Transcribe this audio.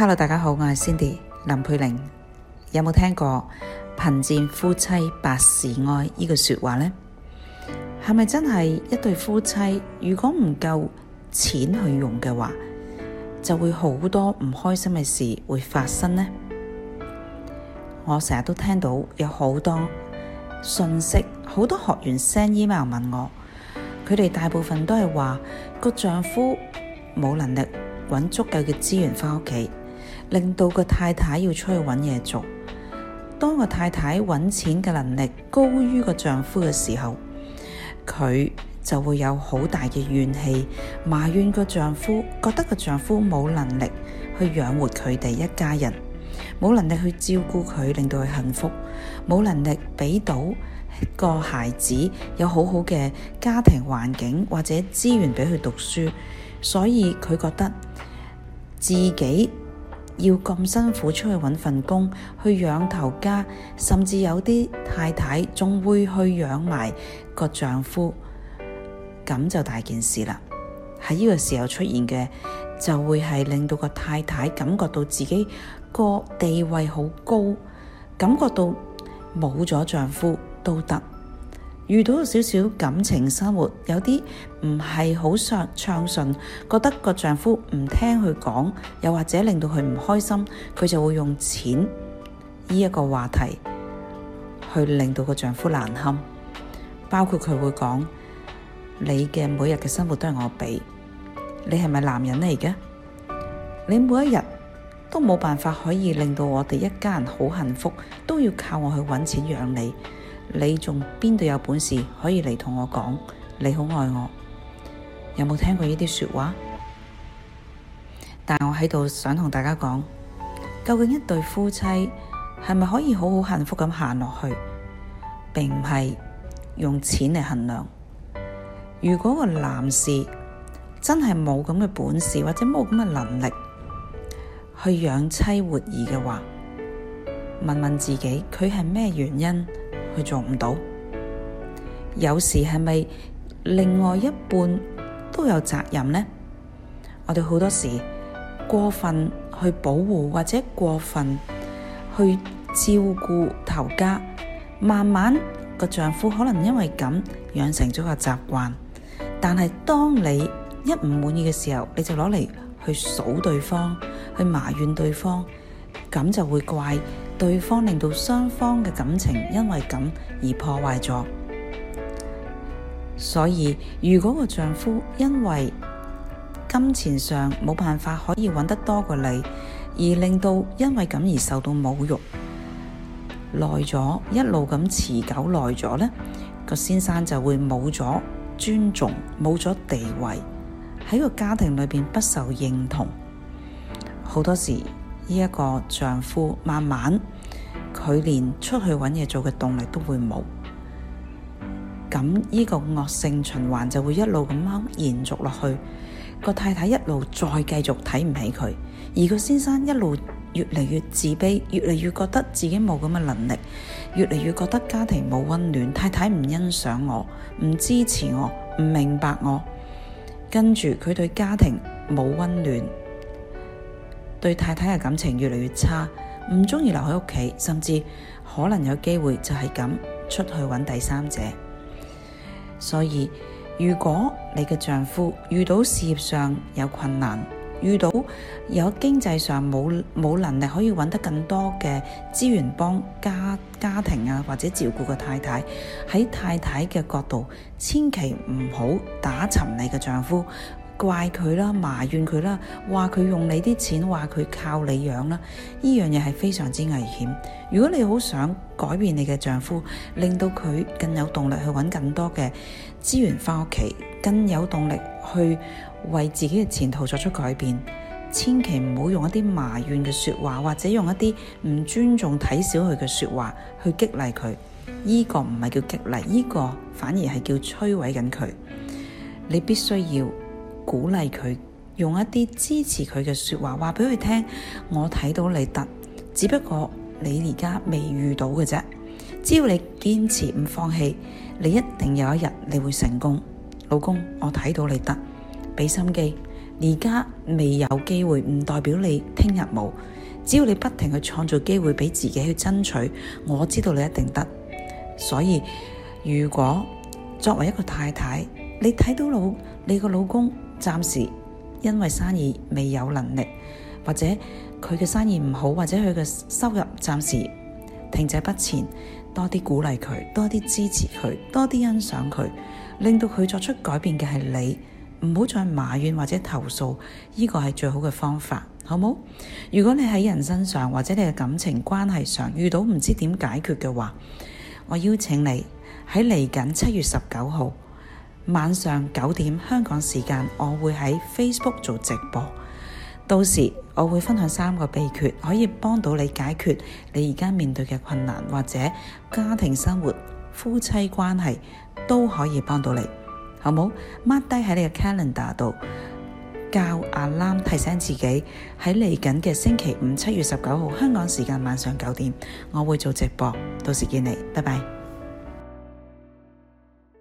Hello，大家好，我係 Cindy 林佩玲。有冇聽過貧賤夫妻百事哀呢句說話呢？係咪真係一對夫妻如果唔夠錢去用嘅話，就會好多唔開心嘅事會發生呢？我成日都聽到有好多信息，好多學員 send email 問我，佢哋大部分都係話個丈夫冇能力搵足夠嘅資源返屋企。令到個太太要出去搵嘢做。當個太太搵錢嘅能力高於個丈夫嘅時候，佢就會有好大嘅怨氣，埋怨個丈夫，覺得個丈夫冇能力去養活佢哋一家人，冇能力去照顧佢，令到佢幸福，冇能力俾到個孩子有好好嘅家庭環境或者資源俾佢讀書，所以佢覺得自己。要咁辛苦出去揾份工去養頭家，甚至有啲太太仲會去養埋個丈夫，咁就大件事啦。喺呢個時候出現嘅，就會係令到個太太感覺到自己個地位好高，感覺到冇咗丈夫都得。遇到少少感情生活，有啲唔係好暢順，覺得個丈夫唔聽佢講，又或者令到佢唔開心，佢就會用錢呢一個話題去令到個丈夫難堪。包括佢會講，你嘅每日嘅生活都係我俾，你係咪男人嚟嘅？你每一日都冇辦法可以令到我哋一家人好幸福，都要靠我去揾錢養你。你仲邊度有本事可以嚟同我講，你好愛我？有冇聽過呢啲說話？但係我喺度想同大家講，究竟一對夫妻係咪可以好好幸福咁行落去，並唔係用錢嚟衡量。如果個男士真係冇咁嘅本事或者冇咁嘅能力去養妻活兒嘅話，問問自己，佢係咩原因？佢做唔到，有時係咪另外一半都有責任呢？我哋好多時過分去保護或者過分去照顧頭家，慢慢個丈夫可能因為咁養成咗個習慣。但係當你一唔滿意嘅時候，你就攞嚟去數對方，去埋怨對方，咁就會怪。對方令到雙方嘅感情因為咁而破壞咗，所以如果個丈夫因為金錢上冇辦法可以揾得多過你，而令到因為咁而受到侮辱，耐咗一路咁持久耐咗，呢個先生就會冇咗尊重，冇咗地位，喺個家庭裏邊不受認同，好多時。呢一個丈夫，慢慢佢連出去揾嘢做嘅動力都會冇，咁呢個惡性循環就會一路咁樣延續落去。個太太一路再繼續睇唔起佢，而個先生一路越嚟越自卑，越嚟越覺得自己冇咁嘅能力，越嚟越覺得家庭冇溫暖，太太唔欣賞我，唔支持我，唔明白我，跟住佢對家庭冇溫暖。對太太嘅感情越嚟越差，唔中意留喺屋企，甚至可能有機會就係咁出去揾第三者。所以，如果你嘅丈夫遇到事業上有困難，遇到有經濟上冇冇能力可以揾得更多嘅資源幫家家庭啊，或者照顧個太太，喺太太嘅角度，千祈唔好打沉你嘅丈夫。怪佢啦，埋怨佢啦，話佢用你啲錢，話佢靠你養啦，呢樣嘢係非常之危險。如果你好想改變你嘅丈夫，令到佢更有動力去揾更多嘅資源，翻屋企，更有動力去為自己嘅前途作出改變，千祈唔好用一啲埋怨嘅說話，或者用一啲唔尊重、睇小佢嘅說話去激勵佢。呢個唔係叫激勵，呢個反而係叫摧毀緊佢。你必須要。鼓勵佢用一啲支持佢嘅說話話畀佢聽，我睇到你得，只不過你而家未遇到嘅啫。只要你堅持唔放棄，你一定有一日你會成功。老公，我睇到你得，畀心機，而家未有機會唔代表你聽日冇。只要你不停去創造機會畀自己去爭取，我知道你一定得。所以如果作為一個太太，你睇到老，你個老公。暫時因為生意未有能力，或者佢嘅生意唔好，或者佢嘅收入暫時停滯不前，多啲鼓勵佢，多啲支持佢，多啲欣賞佢，令到佢作出改變嘅係你，唔好再埋怨，或者投訴，呢個係最好嘅方法，好冇？如果你喺人身上或者你嘅感情關係上遇到唔知點解決嘅話，我邀請你喺嚟緊七月十九號。晚上九點香港時間，我會喺 Facebook 做直播，到時我會分享三個秘訣，可以幫到你解決你而家面對嘅困難，或者家庭生活、夫妻關係都可以幫到你，好冇？mark 低喺你嘅 Calendar 度，教 Alarm 提醒自己喺嚟緊嘅星期五七月十九號香港時間晚上九點，我會做直播，到時見你，拜拜。